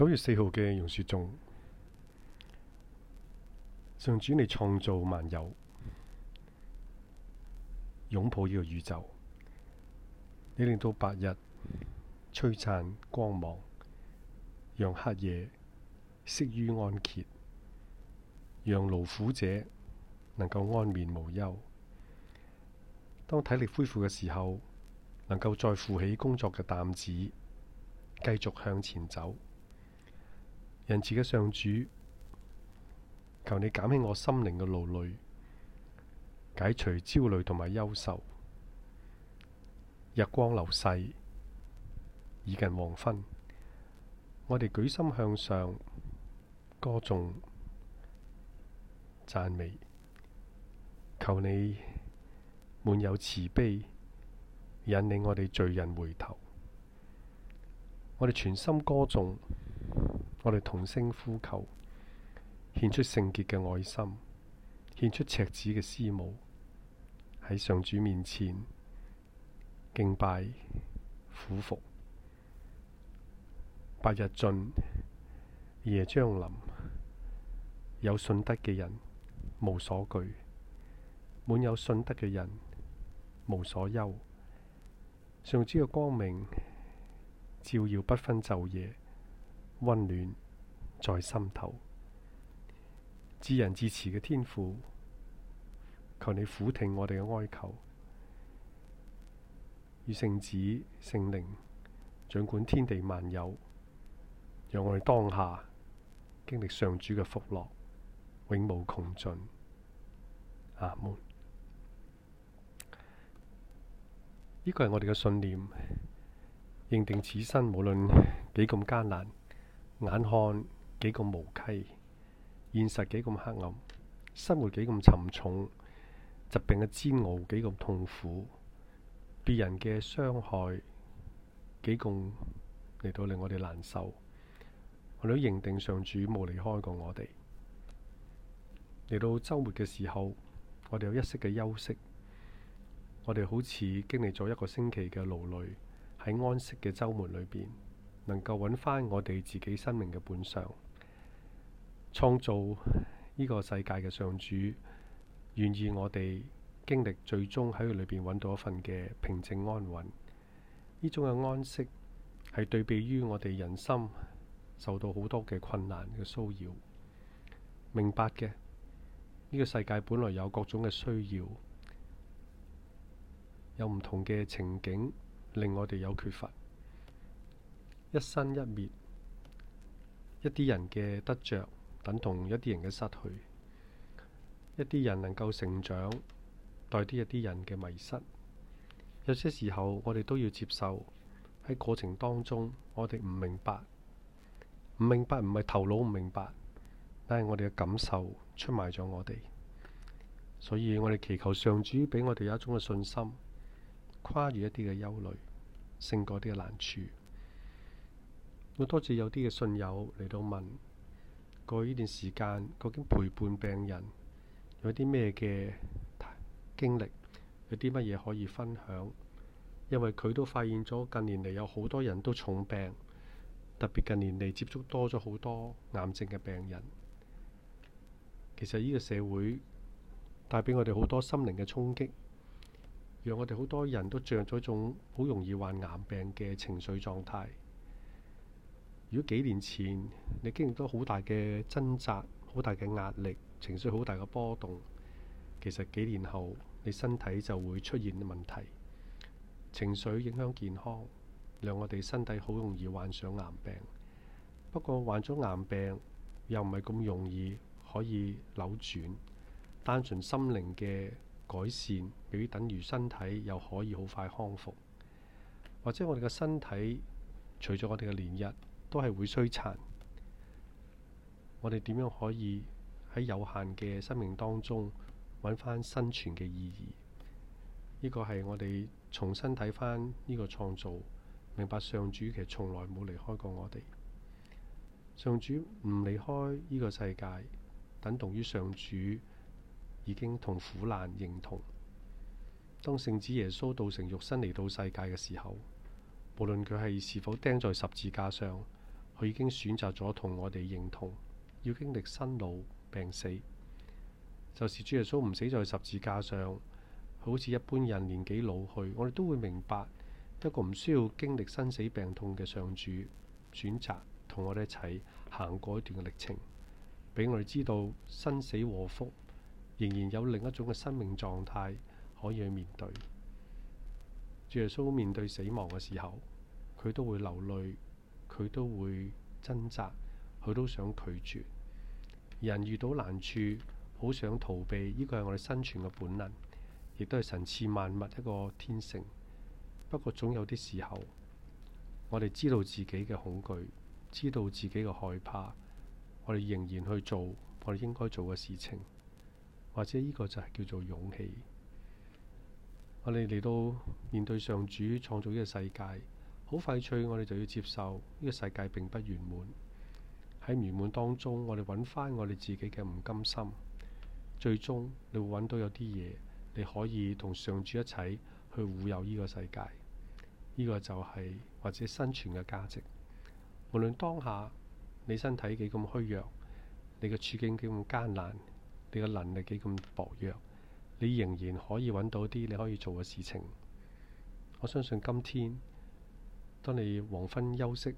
九月四號嘅楊雪仲，上主，你創造萬有，擁抱呢個宇宙，你令到白日璀璨光芒，讓黑夜適於安歇，讓勞苦者能夠安眠無憂。當體力恢復嘅時候，能夠再扶起工作嘅擔子，繼續向前走。仁慈嘅上主，求你減輕我心靈嘅勞累，解除焦慮同埋憂愁。日光流逝，已近黃昏，我哋舉心向上，歌頌、讚美，求你滿有慈悲，引領我哋罪人回頭。我哋全心歌頌。我哋同聲呼求，獻出聖潔嘅愛心，獻出赤子嘅思慕。喺上主面前敬拜、俯伏。白日盡，夜將臨，有信德嘅人無所懼，滿有信德嘅人無所憂。上主嘅光明照耀不分晝夜。溫暖在心頭，至仁至慈嘅天父，求你俯聽我哋嘅哀求，與聖子、聖靈掌管天地萬有，讓我哋當下經歷上主嘅福樂，永無窮盡。阿門。呢個係我哋嘅信念，認定此生無論幾咁艱難。眼看幾咁無稽，現實幾咁黑暗，生活幾咁沉重，疾病嘅煎熬幾咁痛苦，別人嘅傷害幾咁，嚟到令我哋難受。我哋都認定上主冇離開過我哋。嚟到周末嘅時候，我哋有一息嘅休息，我哋好似經歷咗一個星期嘅勞累，喺安息嘅周末裏邊。能夠揾翻我哋自己生命嘅本相，創造呢個世界嘅上主願意我哋經歷最終喺佢裏邊揾到一份嘅平靜安穩。呢種嘅安息係對比於我哋人心受到好多嘅困難嘅騷擾。明白嘅，呢個世界本來有各種嘅需要，有唔同嘅情景令我哋有缺乏。一生一滅，一啲人嘅得着等同一啲人嘅失去，一啲人能夠成長，代啲一啲人嘅迷失。有些時候，我哋都要接受喺過程當中，我哋唔明白，唔明白唔係頭腦唔明白，但係我哋嘅感受出賣咗我哋。所以我哋祈求上主俾我哋有一種嘅信心，跨越一啲嘅憂慮，勝過啲嘅難處。我多謝有啲嘅信友嚟到問，過呢段時間究竟陪伴病人有啲咩嘅經歷，有啲乜嘢可以分享？因為佢都發現咗近年嚟有好多人都重病，特別近年嚟接觸多咗好多癌症嘅病人。其實呢個社會帶俾我哋好多心靈嘅衝擊，讓我哋好多人都進入咗一種好容易患癌病嘅情緒狀態。如果幾年前你經歷到好大嘅掙扎，好大嘅壓力，情緒好大嘅波動，其實幾年後你身體就會出現問題。情緒影響健康，令我哋身體好容易患上癌病。不過患咗癌病又唔係咁容易可以扭轉。單純心靈嘅改善，未必等於身體又可以好快康復。或者我哋嘅身體除咗我哋嘅年日，都係會衰殘。我哋點樣可以喺有限嘅生命當中揾翻生存嘅意義？呢個係我哋重新睇翻呢個創造，明白上主其實從來冇離開過我哋。上主唔離開呢個世界，等同於上主已經同苦難認同。當聖子耶穌道成肉身嚟到世界嘅時候，無論佢係是否釘在十字架上。佢已經選擇咗同我哋認同，要經歷生老病死。就是主耶穌唔死在十字架上，好似一般人年紀老去，我哋都會明白一個唔需要經歷生死病痛嘅上主，選擇同我哋一齊行過一段嘅歷程，俾我哋知道生死禍福，仍然有另一種嘅生命狀態可以去面對。主耶穌面對死亡嘅時候，佢都會流淚。佢都會掙扎，佢都想拒絕。人遇到難處，好想逃避，呢個係我哋生存嘅本能，亦都係神賜萬物一個天性。不過總有啲時候，我哋知道自己嘅恐懼，知道自己嘅害怕，我哋仍然去做我哋應該做嘅事情，或者呢個就係叫做勇氣。我哋嚟到面對上主創造呢個世界。好快脆，我哋就要接受呢個世界並不圓滿。喺圓滿當中，我哋揾翻我哋自己嘅唔甘心，最終你會揾到有啲嘢，你可以同上主一齊去護佑呢個世界。呢個就係或者生存嘅價值。無論當下你身體幾咁虛弱，你嘅處境幾咁艱難，你嘅能力幾咁薄弱，你仍然可以揾到啲你可以做嘅事情。我相信今天。當你黃昏休息、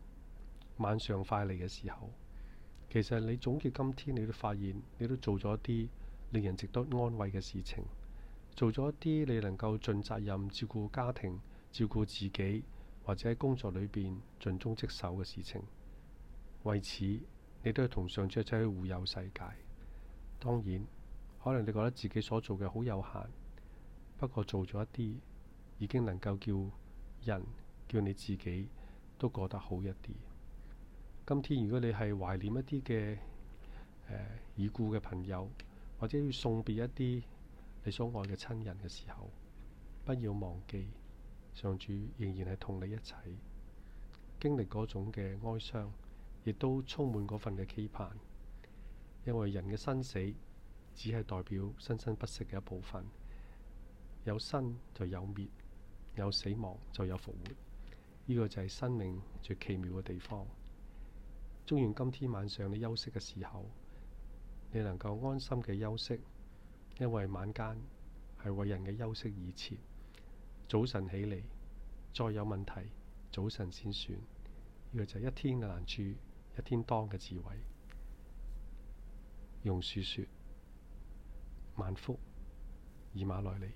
晚上快嚟嘅時候，其實你總結今天，你都發現你都做咗一啲令人值得安慰嘅事情，做咗一啲你能夠盡責任照顧家庭、照顧自己，或者喺工作裏邊盡忠職守嘅事情。為此，你都要同上主一起護佑世界。當然，可能你覺得自己所做嘅好有限，不過做咗一啲已經能夠叫人。要你自己都過得好一啲。今天如果你係懷念一啲嘅，呃、已故嘅朋友，或者要送別一啲你所愛嘅親人嘅時候，不要忘記上主仍然係同你一齊經歷嗰種嘅哀傷，亦都充滿嗰份嘅期盼。因為人嘅生死只係代表生生不息嘅一部分，有生就有滅，有死亡就有復活。呢個就係生命最奇妙嘅地方。祝願今天晚上你休息嘅時候，你能夠安心嘅休息，因為晚間係為人嘅休息而設。早晨起嚟再有問題，早晨先算。呢個就係一天嘅難處，一天當嘅智慧。用樹說：萬福以馬內利。